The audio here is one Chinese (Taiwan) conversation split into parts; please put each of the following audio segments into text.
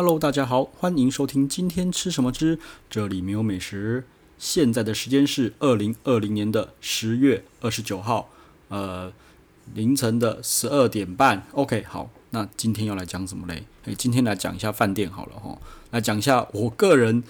Hello，大家好，歡迎收聽今天吃什麼之，這裡沒有美食。現在的時間是二零二零年的十月二十九號，呃，凌晨的十二點半。OK，好，那今天要來講什麼嘞？誒，今天來講一下飯店好了哈、哦，來講一下我個人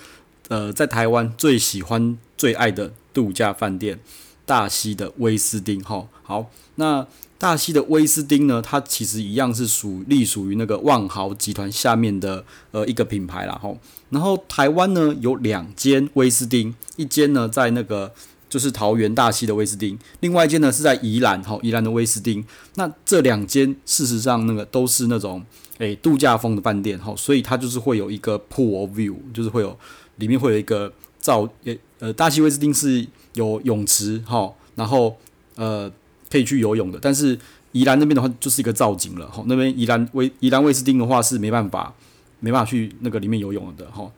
呃在台灣最喜歡最愛的度假飯店——大溪的威斯汀哈、哦。好，那。大溪的威斯汀呢，它其實一樣是屬隸屬於那個萬豪集團下面的呃一個品牌啦吼。然後台灣呢有兩間威斯汀，一間呢在那個就是桃園大溪的威斯汀，另外一間呢是在宜蘭哈，宜蘭的威斯汀。那這兩間事實上那個都是那種誒、欸、度假風的飯店哈，所以它就是會有一個 pool view，就是會有裡面會有一個造也、欸、呃，大溪威斯汀是有泳池哈，然後呃。可以去游泳的，但是宜蘭那邊的話就是一個造景了，吼，那邊宜蘭威宜蘭威斯汀的話是沒辦法沒辦法去那個裡面游泳的，吼，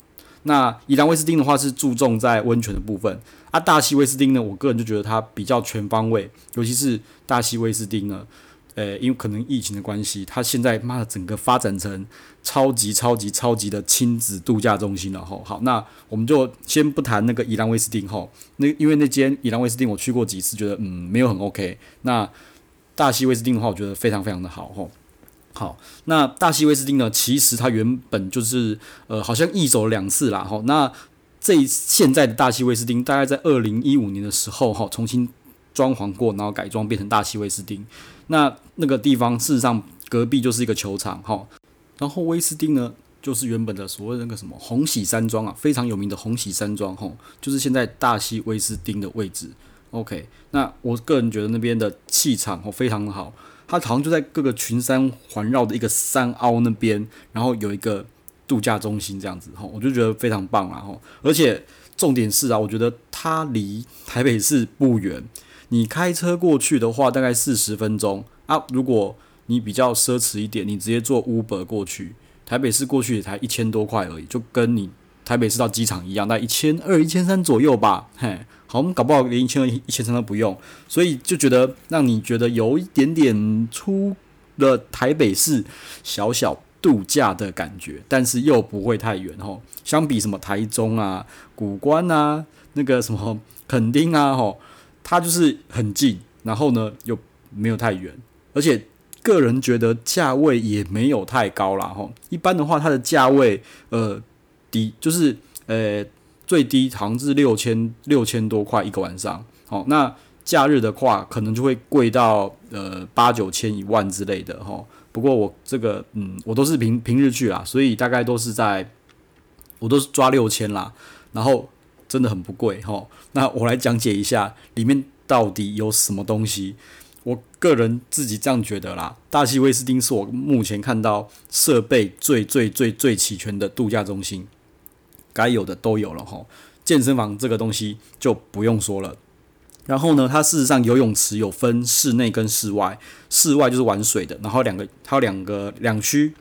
那宜蘭威斯汀的話是注重在溫泉的部分，啊，大溪威斯汀呢，我個人就覺得它比較全方位，尤其是大溪威斯汀呢。呃，因為可能疫情的關係，它現在媽的整個發展成超級超級超級的親子度假中心了吼。好，那我們就先不談那個宜蘭威斯汀吼。那因為那間宜蘭威斯汀我去過幾次，覺得嗯沒有很 OK。那大溪威斯汀的話，我覺得非常非常的好吼。好，那大溪威斯汀呢，其實它原本就是呃好像易手了兩次了吼。那這現在的大溪威斯汀大概在二零一五年的時候，重新。裝潢過，然後改裝變成大溪威斯汀，那那個地方事實上隔壁就是一個球場，然後威斯汀呢就是原本的所謂那個什麼鴻禧山莊啊，非常有名的鴻禧山莊，吼，就是現在大溪威斯汀的位置，OK，那我個人覺得那邊的氣場吼非常的好，它好像就在各個群山環繞的一個山凹那邊，然後有一個度假中心這樣子，吼，我就覺得非常棒啦，吼，而且重點是啊，我覺得它離台北市不遠。你開車過去的話，大概四十分鐘啊。如果你比較奢侈一點，你直接坐 Uber 過去，台北市過去也才一千多塊而已，就跟你台北市到機場一樣，大概一千二、一千三左右吧。嘿，好，我們搞不好連一千二、一千三都不用，所以就覺得讓你覺得有一點點出了台北市小小度假的感覺，但是又不會太遠吼。相比什麼台中啊、谷關啊、那個什麼墾丁啊，吼。它就是很近，然後呢又沒有太遠，而且個人覺得價位也沒有太高了哈。一般的話，它的價位呃低，就是呃最低好像是六千六千多塊一個晚上。好，那假日的話可能就會貴到呃八九千一萬之類的哈。不過我這個嗯我都是平平日去啦，所以大概都是在我都是抓六千啦，然後。真的很不貴吼，那我來講解一下裡面到底有什麼東西。我個人自己這樣覺得啦，大溪威斯汀是我目前看到設備最最最最齊全的度假中心，該有的都有了吼。健身房這個東西就不用說了，然後呢，它事實上游泳池有分室內跟室外，室外就是玩水的，然後兩個它有兩個兩區。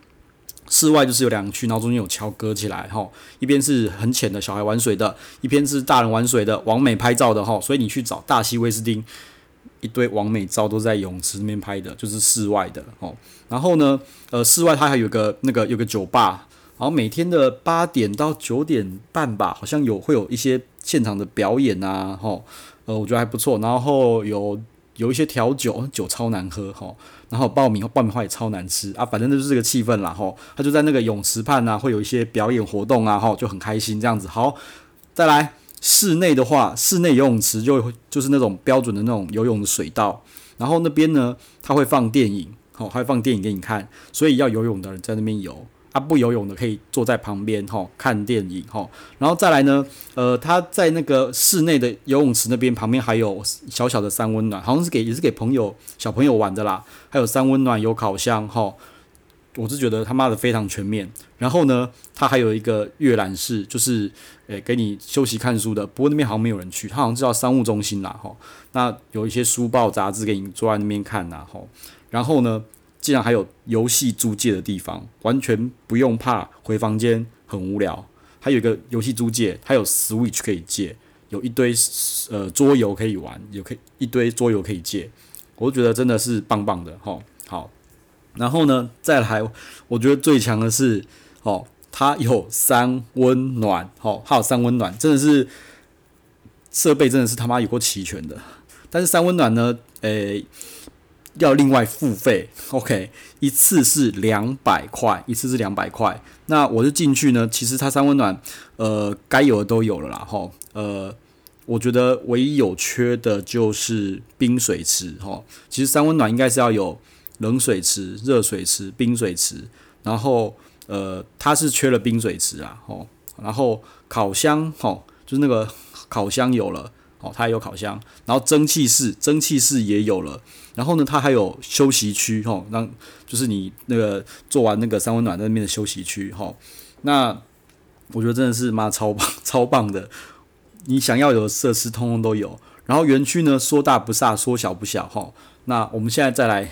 室外就是有兩區，然後中間有橋隔起來，吼，一邊是很淺的，小孩玩水的，一邊是大人玩水的，網美拍照的，吼，所以你去找大溪威斯汀，一堆網美照都在泳池裡面拍的，就是室外的，吼。然後呢，呃，室外它還有個那個有個酒吧，然後每天的八點到九點半吧，好像有會有一些現場的表演啊，吼，呃，我覺得還不錯，然後有。有一些調酒，酒超難喝吼，然後爆米爆米花也超難吃啊，反正就是這個氣氛啦。吼。他就在那個泳池畔啊，會有一些表演活動啊，吼，就很開心這樣子。好，再來室內的話，室內游泳池就就是那種標準的那種游泳的水道，然後那邊呢，他會放電影，吼，他會放電影給你看，所以要游泳的人在那邊游。啊，不游泳的可以坐在旁邊哈，看電影哈。然後再來呢，呃，他在那個室內的游泳池那邊旁邊還有小小的三溫暖，好像是給也是給朋友小朋友玩的啦。還有三溫暖有烤箱哈，我是覺得他媽的非常全面。然後呢，他還有一個閱覽室，就是呃、欸、給你休息看書的。不過那邊好像沒有人去，他好像叫商務中心啦哈。那有一些書報雜志給你坐在那邊看吶哈。然後呢？竟然還有遊戲租借的地方，完全不用怕回房間很無聊。還有一個遊戲租借，還有 Switch 可以借，有一堆呃桌遊可以玩，有可以一堆桌遊可以借，我覺得真的是棒棒的吼。好，然後呢再來，我覺得最強的是吼，它有三溫暖，吼，它有三溫暖，真的是設備真的是他媽有夠齊全的。但是三溫暖呢，誒、欸。要另外付費，OK，一次是兩百塊，一次是兩百塊。那我就進去呢，其實它三溫暖，呃，該有的都有了啦，吼，呃，我覺得唯一有缺的就是冰水池，吼，其實三溫暖應該是要有冷水池、熱水池、冰水池，然後呃，它是缺了冰水池啊，吼，然後烤箱，吼，就是那個烤箱有了，哦，它也有烤箱，然後蒸汽室，蒸汽室也有了。然後呢，它還有休息區吼，那、哦、就是你那個做完那個三溫暖在那邊的休息區吼、哦，那我覺得真的是嘛超棒超棒的，你想要有的設施通通都有。然後園區呢，說大不大，說小不小吼、哦，那我們現在再來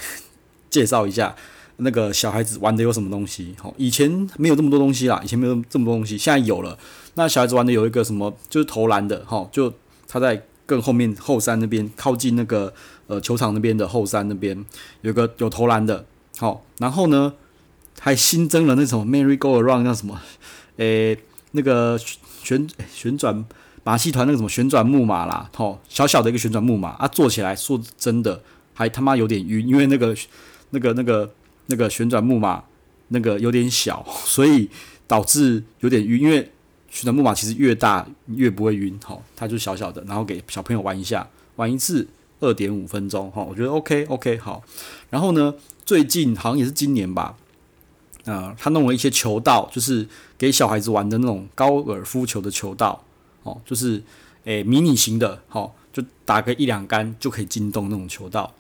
介紹一下那個小孩子玩的有什麼東西。吼、哦，以前沒有這麼多東西啦，以前沒有這麼多東西，現在有了。那小孩子玩的有一個什麼，就是投籃的吼、哦，就他在更後面後山那邊靠近那個。呃，球場那邊的後山那邊有個有投籃的，好、哦，然後呢，還新增了那種 “Mary Go Around” 那什麼，誒、欸，那個旋旋轉、欸、馬戲團那個什麼旋轉木馬啦，好、哦，小小的一個旋轉木馬，啊，坐起來說真的還他媽有點暈，因為那個那個那個那個旋轉木馬那個有點小，所以導致有點暈，因為旋轉木馬其實越大越不會暈，好、哦，它就小小的，然後給小朋友玩一下，玩一次。二點五分鐘，哈，我覺得 OK OK，好。然後呢，最近好像也是今年吧，啊、呃，他弄了一些球道，就是給小孩子玩的那種高爾夫球的球道，哦，就是誒、欸、迷你型的，哦，就打個一兩桿就可以進洞那種球道。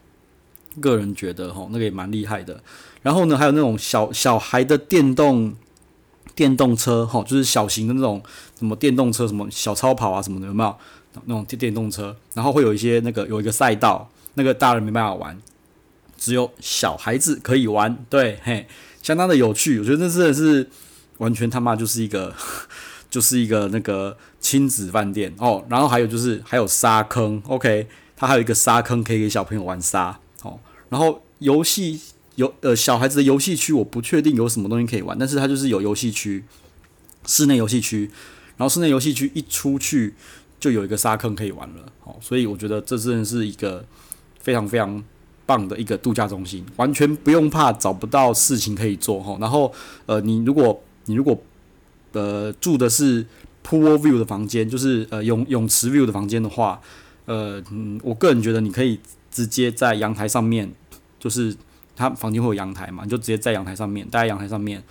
個人覺得，哈、哦，那個也蠻厲害的。然後呢，還有那種小小孩的電動電動車，哈、哦，就是小型的那種什麼電動車，什麼小超跑啊什麼的，有沒有？那種電電動車，然後會有一些那個，有一個賽道，那個大人沒辦法玩，只有小孩子可以玩。對，嘿，相當的有趣。我覺得真的是完全他媽就是一個就是一個那個親子飯店哦。然後還有就是還有沙坑，OK，它還有一個沙坑可以給小朋友玩沙。哦。然後遊戲遊呃，小孩子的遊戲區，我不確定有什麼東西可以玩，但是它就是有遊戲區，室內遊戲區。然後室內遊戲區一出去。就有一個沙坑可以玩了，哦，所以我覺得這真的是一個非常非常棒的一個度假中心，完全不用怕找不到事情可以做哈。然後，呃，你如果你如果呃住的是 pool view 的房間，就是呃泳泳池 view 的房間的話，呃，我個人覺得你可以直接在陽台上面，就是他房間會有陽台嘛，你就直接在陽台上面，待在陽台上面，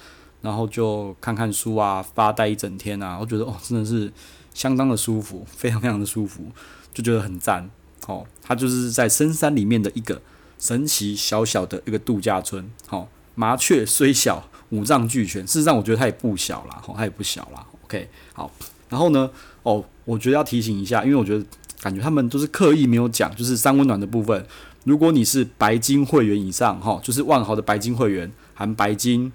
然後就看看書啊，發呆一整天啊，我覺得哦，真的是。相當的舒服，非常非常的舒服，就覺得很贊。哦。它就是在深山裡面的一個神奇小小的一個度假村。哦、麻雀雖小，五臟俱全。事實上，我覺得它也不小了，哦。它也不小了。OK，好。然後呢，哦，我覺得要提醒一下，因為我覺得感覺他們就是刻意沒有講，就是三溫暖的部分。如果你是白金會員以上，哈、哦，就是萬豪的白金會員含白金，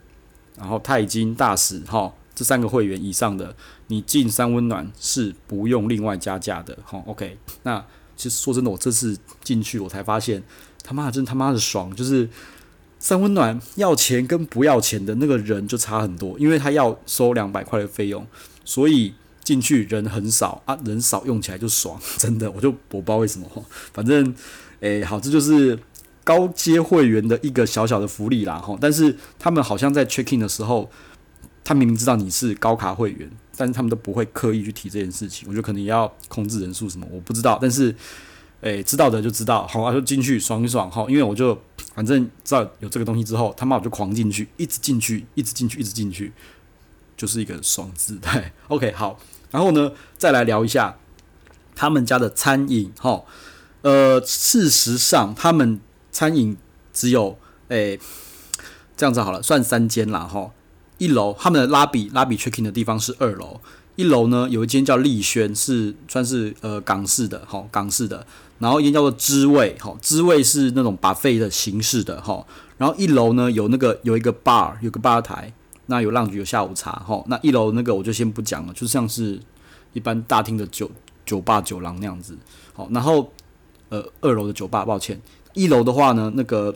然後鈦金大使，哈、哦。這三個會員以上的，你進三溫暖是不用另外加價的。好，OK。那其實說真的，我這次進去我才發現，他媽的真他媽的爽，就是三溫暖要錢跟不要錢的那個人就差很多，因為他要收兩百塊的費用，所以進去人很少啊，人少用起來就爽，真的，我就我不知道為什麼，反正哎，好，這就是高階會員的一個小小的福利啦。吼，但是他們好像在 checking 的時候。他明明知道你是高卡會員，但是他們都不會刻意去提這件事情。我覺得可能也要控制人數什麼，我不知道。但是，誒、欸，知道的就知道，好啊，就進去爽一爽，好，因為我就反正知道有這個東西之後，他媽我就狂進去，一直進去，一直進去，一直進去，就是一個爽字。對 OK，好，然後呢，再來聊一下他們家的餐飲，哈，呃，事實上他們餐飲只有，誒、欸，這樣子好了，算三間了，哈。一樓他們的 lobby lobby check in 的地方是二樓，一樓呢有一間叫麗軒，是算是呃港式的，吼、哦、港式的，然後一間叫做知味，吼、哦、知味是那種 buffet 的形式的，吼、哦，然後一樓呢有那個有一個 bar，有個吧台，那有 lounge 有下午茶，吼、哦，那一樓那個我就先不講了，就像是一般大廳的酒酒吧酒廊那樣子，好、哦，然後呃二樓的酒吧抱歉。一樓的話呢，那個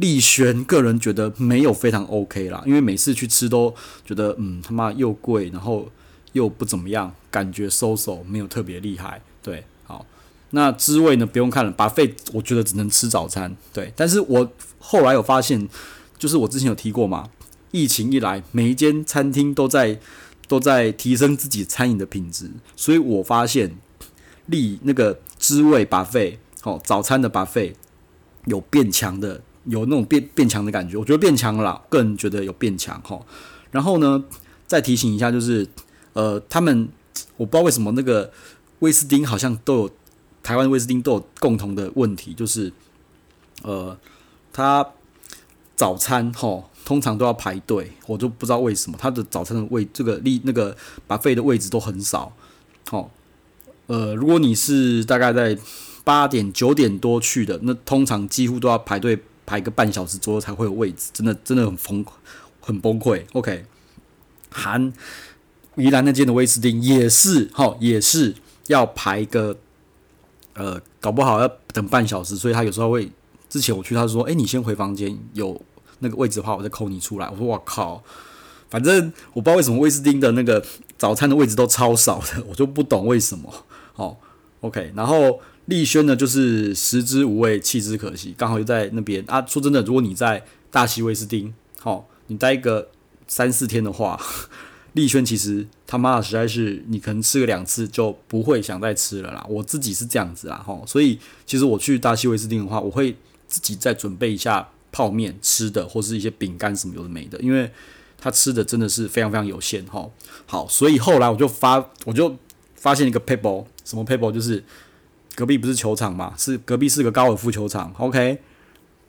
麗軒，個人覺得沒有非常 OK 啦，因為每次去吃都覺得，嗯，他媽又貴，然後又不怎麼樣，感覺 so so 沒有特別厲害。對，好，那滋味呢，不用看了，Buffet，我覺得只能吃早餐。對，但是我後來有發現，就是我之前有提過嘛，疫情一來，每一間餐廳都在都在提升自己餐飲的品質，所以我發現利那個滋味 Buffet、哦，好早餐的 Buffet。有變強的，有那種變變強的感覺。我覺得變強了，個人覺得有變強吼。然後呢，再提醒一下，就是呃，他們我不知道為什麼那個威斯汀好像都有台灣威斯汀都有共同的問題，就是呃，他早餐吼通常都要排隊，我就不知道為什麼他的早餐的位這個立那個 buffet 的位置都很少。吼，呃，如果你是大概在。八點九點多去的，那通常幾乎都要排隊排個半小時左右才會有位置，真的真的很瘋，很崩潰。OK，含宜蘭那間的威斯汀也是，吼，也是要排個呃，搞不好要等半小時，所以他有時候會之前我去，他說：“哎、欸，你先回房間，有那個位置的話，我再扣你出來。”我說：“我靠，反正我不知道為什麼威斯汀的那個早餐的位置都超少的，我就不懂為什麼。”好，OK，然後。麗軒呢，就是食之無味，棄之可惜。剛好又在那邊啊。說真的，如果你在大溪威斯汀，吼，你待一個三四天的話，麗軒其實他媽的實在是，你可能吃個兩次就不會想再吃了啦。我自己是這樣子啦，吼。所以其實我去大溪威斯汀的話，我會自己再準備一下泡麵吃的，或是一些餅乾什麼有的沒的，因為他吃的真的是非常非常有限，吼，好，所以後來我就發，我就發現一個 paper，什麼 paper 就是。隔壁不是球場嘛，是隔壁是個高爾夫球場。OK，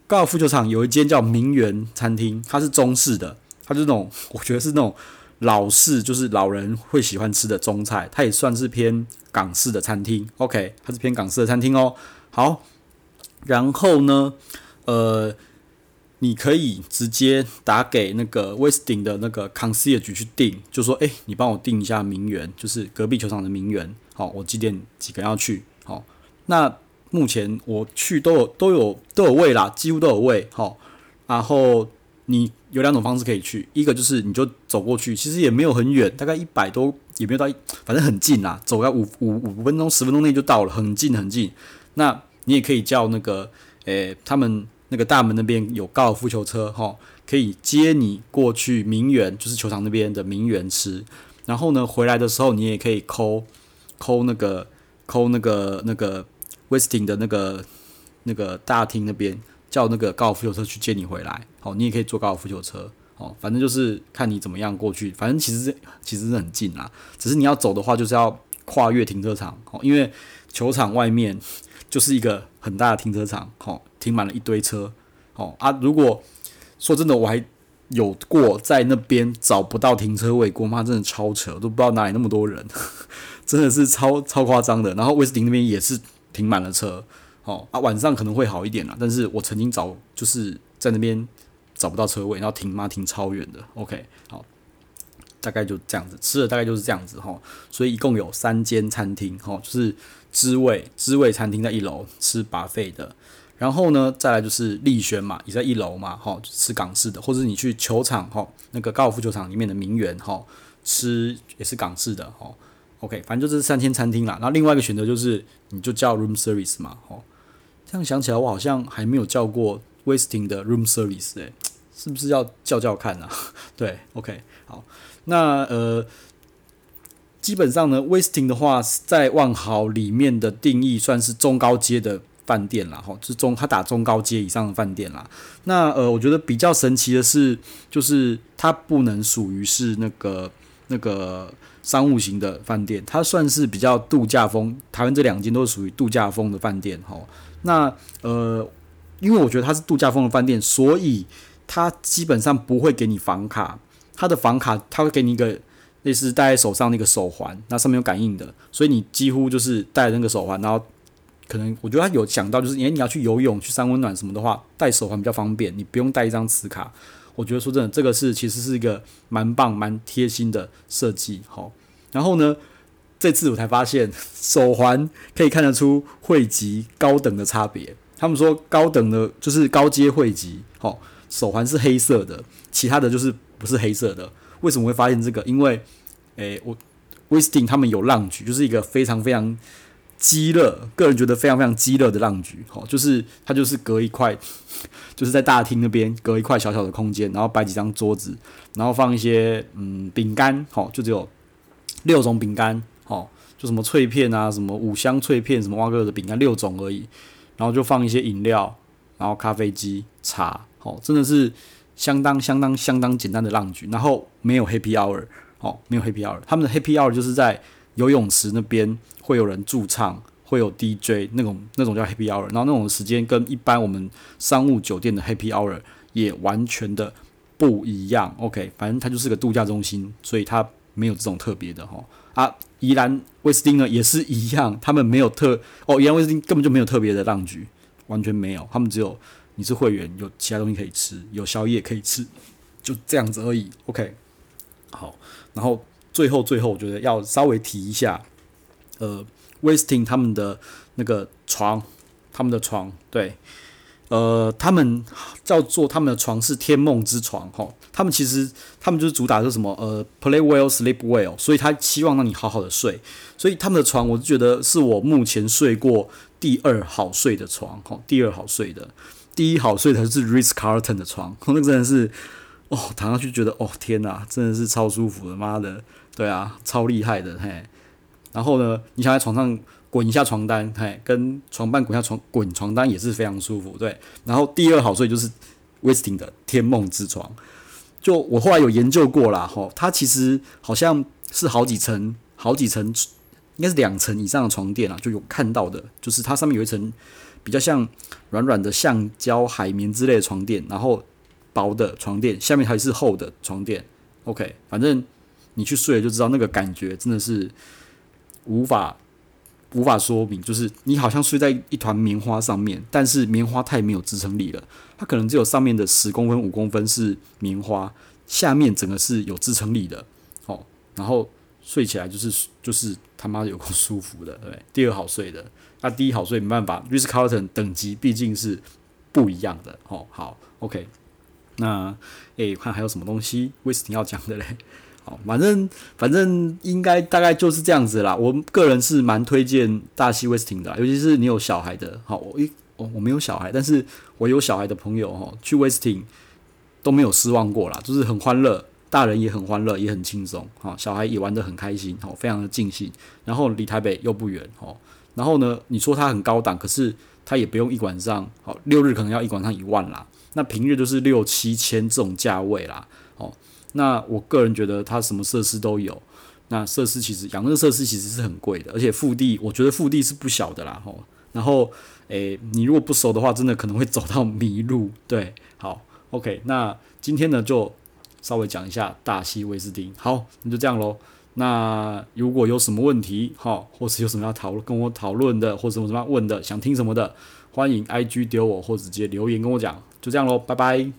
高爾夫球場有一間叫名媛餐廳，它是中式的，它就是那種我覺得是那種老式，就是老人會喜歡吃的中菜。它也算是偏港式的餐廳。OK，它是偏港式的餐廳哦、喔。好，然後呢，呃，你可以直接打給那個 Westin 的那個 Concierge 去訂，就說哎、欸，你幫我訂一下名媛，就是隔壁球場的名媛。好，我幾點幾個要去？好。那目前我去都有都有都有位啦，幾乎都有位。吼，然後你有兩種方式可以去，一個就是你就走過去，其實也沒有很遠，大概一百多，也沒有到，反正很近啦，走個五五五分鐘、十分鐘內就到了，很近很近。那你也可以叫那個，誒、欸，他們那個大門那邊有高爾夫球車，吼，可以接你過去名園，就是球場那邊的名園吃。然後呢，回來的時候你也可以摳摳那個摳那個那個。威斯汀的那個那個大廳那邊叫那個高爾夫球車去接你回來，好，你也可以坐高爾夫球車，好，反正就是看你怎麼樣過去，反正其實其實是很近啦，只是你要走的話就是要跨越停車場，因為球場外面就是一個很大的停車場，好，停滿了一堆車，好啊，如果說真的我還有過在那邊找不到停車位過嗎，我媽真的超扯，都不知道哪裡那麼多人，真的是超超誇張的，然後威斯汀那邊也是。停滿了車，哦啊，晚上可能會好一點了。但是我曾經找就是在那邊找不到車位，然後停嘛停超遠的。OK，好，大概就這樣子，吃了大概就是這樣子哈、哦。所以一共有三間餐廳，哈、哦，就是知味知味餐廳在一樓吃 buffet 的，然後呢再來就是麗軒嘛，也在一樓嘛，哈、哦、吃、就是、港式的，或者你去球場哈、哦、那個高爾夫球場裡面的名園哈、哦、吃也是港式的，哈、哦、OK，反正就是三間餐廳啦。然後另外一個選擇就是。你就叫 room service 嘛，哦，這樣想起來，我好像還沒有叫過 Westin 的 room service 哎、欸，是不是要叫叫看啊？對，OK，好，那呃，基本上呢 Westin 的話，在萬豪裡面的定義算是中高階的飯店啦，吼，是中，它打中高階以上的飯店啦。那呃，我覺得比較神奇的是，就是它不能屬於是那個那個。商務型的飯店，它算是比較度假風。台灣這兩間都是屬於度假風的飯店，吼。那呃，因為我覺得它是度假風的飯店，所以它基本上不會給你房卡，它的房卡它會給你一個類似戴在手上那個手環，那上面有感應的，所以你幾乎就是戴那個手環，然後可能我覺得它有想到就是，誒、欸，你要去游泳、去三溫暖什麼的話，戴手環比較方便，你不用帶一張磁卡。我覺得說真的，這個是其實是一個蠻棒、蠻貼心的設計，吼。然後呢，這次我才發現手環可以看得出會籍高等的差別。他們說高等的就是高階會籍，好、哦，手環是黑色的，其他的就是不是黑色的。為什麼會發現這個？因為，誒，我威斯汀他們有 lounge，就是一個非常非常雞肋，個人覺得非常非常雞肋的 lounge。好，就是他就是隔一塊，就是在大廳那邊隔一塊小小的空間，然後擺幾張桌子，然後放一些嗯餅乾，好、哦，就只有。六種餅乾，哦、喔，就什麼脆片啊，什麼五香脆片，什麼挖個的餅乾，六種而已。然後就放一些飲料，然後咖啡機、茶，哦、喔，真的是相當相當相當簡單的 Lounge。然後沒有 Happy Hour，哦、喔，沒有 Happy Hour。他們的 Happy Hour 就是在游泳池那邊會有人駐唱，會有 DJ 那種那種叫 Happy Hour。然後那種時間跟一般我們商務酒店的 Happy Hour 也完全的不一樣。OK，反正它就是個度假中心，所以它。沒有這種特別的哦，啊，宜蘭威斯汀呢也是一樣，他們沒有特哦，宜蘭威斯汀根本就沒有特別的 lounge，完全沒有，他們只有你是會員有其他東西可以吃，有宵夜可以吃，就這樣子而已。OK，好，然後最後最後我覺得要稍微提一下，呃，威斯汀他們的那個床，他們的床，對。呃，他們叫做他們的床是天夢之床，哈，他們其實他們就是主打是什麼？呃，play well, sleep well，所以他希望讓你好好的睡，所以他們的床，我覺得是我目前睡過第二好睡的床，哈，第二好睡的，第一好睡的是 Ritz Carlton 的床，那個真的是，哦，躺上去覺得，哦，天吶、啊，真的是超舒服的，媽的，對啊，超厲害的嘿，然後呢，你想在床上滾一下床單，嘿，跟床伴滾下床，滾床單也是非常舒服，對。然後第二好睡就是威斯汀的天夢之床，就我後來有研究過啦，吼，它其實好像是好幾層，好幾層，應該是兩層以上的床墊啊，就有看到的，就是它上面有一層比較像軟軟的橡膠、海綿之類的床墊，然後薄的床墊下面還是厚的床墊。OK，反正你去睡了就知道那個感覺真的是無法。無法說明，就是你好像睡在一團棉花上面，但是棉花太沒有支撐力了，它可能只有上面的十公分五公分是棉花，下面整個是有支撐力的，哦，然後睡起來就是就是他媽有夠舒服的，對，第二好睡的，那第一好睡沒辦法，就是 Ritz Carlton 等級畢竟是不一樣的，哦，好，OK，那誒、欸，看還有什麼東西威斯汀要講的嘞？反正反正應該大概就是這樣子啦。我個人是蠻推薦大溪威斯汀的啦，尤其是你有小孩的。好，我一我我沒有小孩，但是我有小孩的朋友哦，去威斯汀都沒有失望過啦，就是很歡樂，大人也很歡樂，也很輕鬆，好，小孩也玩得很開心，好，非常的盡興。然後離台北又不遠，哦，然後呢，你說它很高檔，可是它也不用一晚上，好，六日可能要一晚上一萬啦，那平日就是六七千這種價位啦，哦。那我個人覺得它什麼設施都有，那設施其實養那設施其實是很貴的，而且腹地我覺得腹地是不小的啦，吼，然後誒、欸、你如果不熟的話，真的可能會走到迷路。對，好，OK，那今天呢就稍微講一下大溪威斯汀。好，那就這樣嘍。那如果有什麼問題哈，或是有什麼要討論跟我討論的，或是什麼什麼問的，想聽什麼的，歡迎 IG 丟我，或直接留言跟我講。就這樣嘍，拜拜。